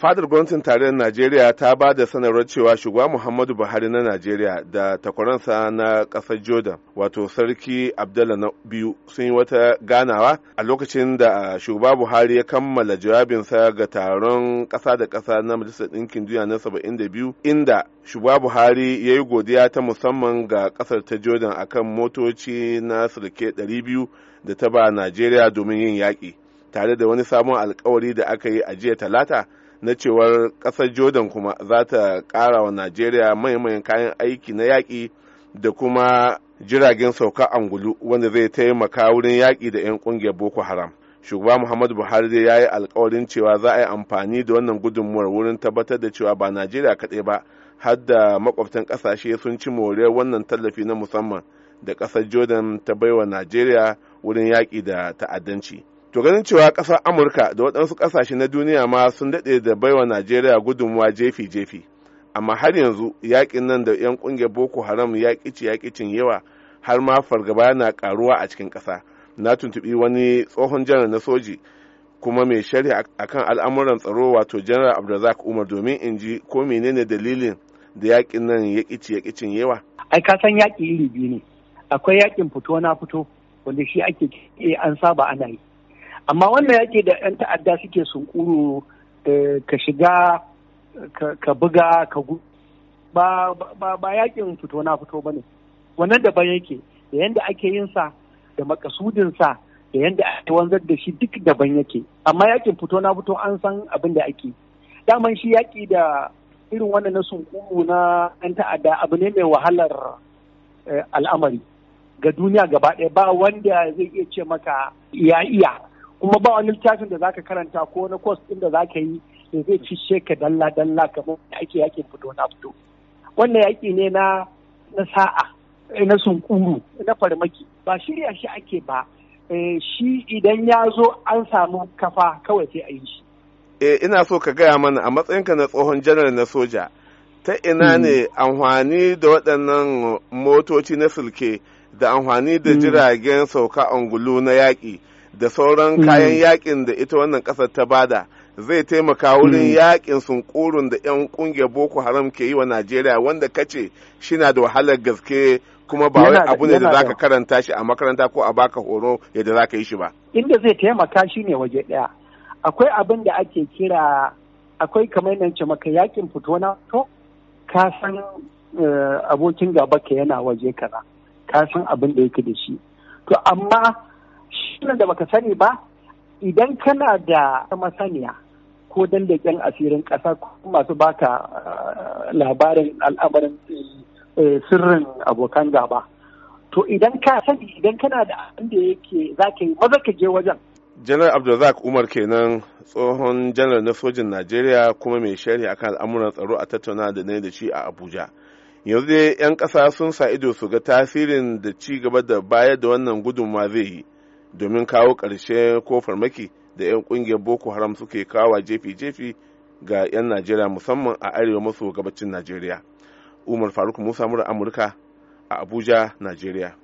fadar gwamnatin tarayyar najeriya ta ba da sanarwar cewa shugaba muhammadu buhari na najeriya da takwaransa na kasar jordan wato sarki abdullah na biyu sun yi wata ganawa a lokacin da shugaba buhari ya kammala jawabinsa ga taron kasa da kasa na majalisar ɗinkin duniya na 72 inda shugaba buhari ya yi godiya ta musamman ga kasar ta jordan akan motoci na sulke 200 da ta ba najeriya domin yin yaƙi tare da wani sabon alkawari da aka yi a jiya talata na cewar ƙasar jordan kuma za ta kara wa najeriya maimayin kayan aiki na yaƙi da kuma jiragen sauka angulu wanda zai taimaka wurin yaƙi da 'yan ƙungiyar boko haram shugaba muhammadu buhari dai ya yi alkawarin cewa za a yi amfani da wannan gudunmuwar wurin tabbatar da cewa ba najeriya kaɗai ba har da makwabtan ƙasashe sun ci moriyar wannan tallafi na musamman da ƙasar jordan ta baiwa najeriya wurin yaƙi da ta'addanci To ganin cewa ƙasar Amurka da waɗansu ƙasashe na duniya ma sun daɗe da baiwa Najeriya gudunmuwa jefi-jefi. Amma har yanzu yaƙin nan da 'yan ƙungiyar Boko Haram ya ƙici ya ƙicin yawa har ma fargaba yana ƙaruwa a cikin ƙasa. Na tuntuɓi wani tsohon janar na soji kuma mai shari'a akan al'amuran tsaro wato janar Abdulrazak Umar domin in ji ko menene dalilin da yaƙin nan ya ƙici ya ƙicin yawa. Ai ka san yaƙi iri biyu ne. Akwai yaƙin fito na fito wanda shi ake an saba ana yi. amma wannan yaƙi da 'yan ta'adda suke sunkuru eh, ka shiga ka buga ka gu ba yaƙin fito na fito ba ne wannan daban yake da yadda ake yin sa da makasudin sa da yadda ake wanzar da shi duk daban yake amma yakin fito na fito an san abin da ake daman shi yaƙi da irin wannan na sunkuru na 'yan ta'adda abu ne mai wahalar eh, al'amari ga duniya gaba ɗaya ba wanda zai iya ce maka iya iya kuma ba wani littafin da zaka karanta ko na kwas din da zaka yi da zai ci ka dalla dalla kamar da ake yakin fito na fito wannan yaki ne na na sa'a eh, na sunkuru na farmaki ba shirya shi ake ba eh, shi idan ya zo an samu kafa kawai sai a yi shi eh ina so ka gaya mana a matsayinka na tsohon janar na soja ta ina hmm. ne amfani da waɗannan motoci na silke da amfani da hmm. jiragen sauka angulu na yaƙi da sauran kayan mm. yakin da ita wannan ƙasar ta bada zai taimaka wurin mm. yakin sunkurun da 'yan kungiyar boko haram ke yi wa najeriya wanda kace shi na da wahalar gaske kuma ba wai abu ne da za ka karanta shi a makaranta ko a baka horo yadda ka yi shi ba inda zai taimaka shi ne waje ɗaya akwai abin da ake kira akwai kamar nan ce maka yakin fito na to ka san eh, abokin gaba ka yana waje kaza ka san abin da yake da shi to amma mushkilan da baka sani ba idan kana da masaniya ko dandaken asirin ƙasa masu baka eh, labarin al'amarin eh, sirrin abokan gaba to idan ka sani idan kana da abin da yake za ka yi maza ka je wajen janar abdulrazak umar kenan tsohon janar na sojin najeriya kuma mai sharhi akan al'amuran tsaro a tattauna da na da shi a abuja yanzu dai 'yan kasa sun sa ido su ga tasirin da ci gaba da bayar da wannan gudunmawa zai yi domin kawo ƙarshe ko farmaki da 'yan ƙungiyar boko haram suke kawo jefi-jefi ga 'yan najeriya musamman a arewa maso gabacin najeriya umar faruk musa mura amurka a abuja najeriya